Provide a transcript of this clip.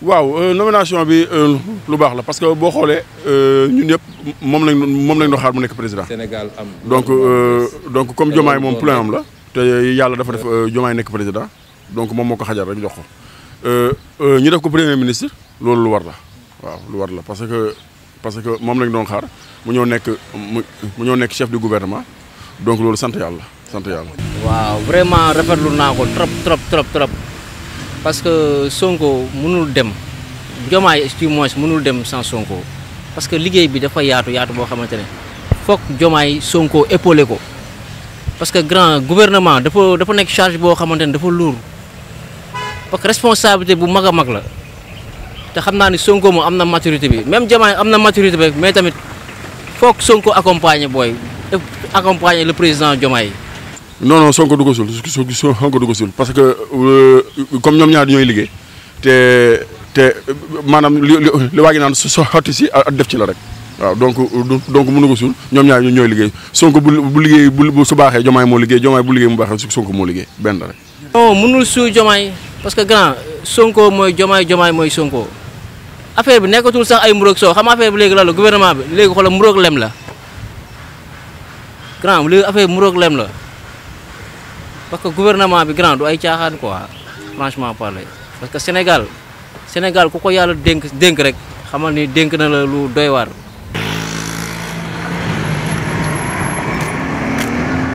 waaw euh, nomination bi euh, lu baax la parce que boo xoolee euh, ñu ñëpp moom lañ moom lañ doon xaar mu nekk président. Sénégal am donc donc comme yi moom plein am la. te yàlla dafa def Diomaye nekk président donc moom moo ko xajal rek jox ko ñu def ko premier ministre loolu lu war la waaw lu war la parce que parce que moom lañ doon xaar mu ñoo nekk mu ñoo nekk chef du gouvernement donc loolu sant yàlla sant yàlla. waaw vraiment rafetlu naa ko trop trop trop. parce que Sonko mënul dem Diomaye du moins mënul dem sans Sonko parce que liggéey bi dafa yaatu yaatu boo xamante ne foog Diomaye Sonko épaulé ko parce que grand gouvernement dafa dafa nekk charge boo xamante ne dafa lourd parce que responsabilité bu mag a mag la te xam naa ni Sonko moom am na maturité bi même Diomaye am na maturité bi mais tamit foog Sonko accompagner booy accompagner le président Diomaye non non Sonko du ko sul Sonko du ko sul parce que euh, comme ñoom ñaar ñooy liggéey te te maanaam li li gi naan so xotti si ak def ci la rek waaw donc donc mënu ko suul ñoom ñaar ñooy liggéey Sonko bu bu liggéey bu su baaxee jomaay moo liggéey jomaay bu liggéey mu baaxee Sonko moo liggéey benn rek. non mënul suul jomaay parce que grand Sonko mooy jomaay jomaay mooy Sonko affaire bi nekkatul sax ay muroog soo xam affaire bi léegi lan la gouvernement bi léegi xoolal muroog lem la grand léegi affaire bi la. parce que gouvernement bi grand du ay caaxaan quoi franchement parler parce que Sénégal Sénégal ku ko yàlla dénk dénk rek xamal ni dénk na la lu doy waar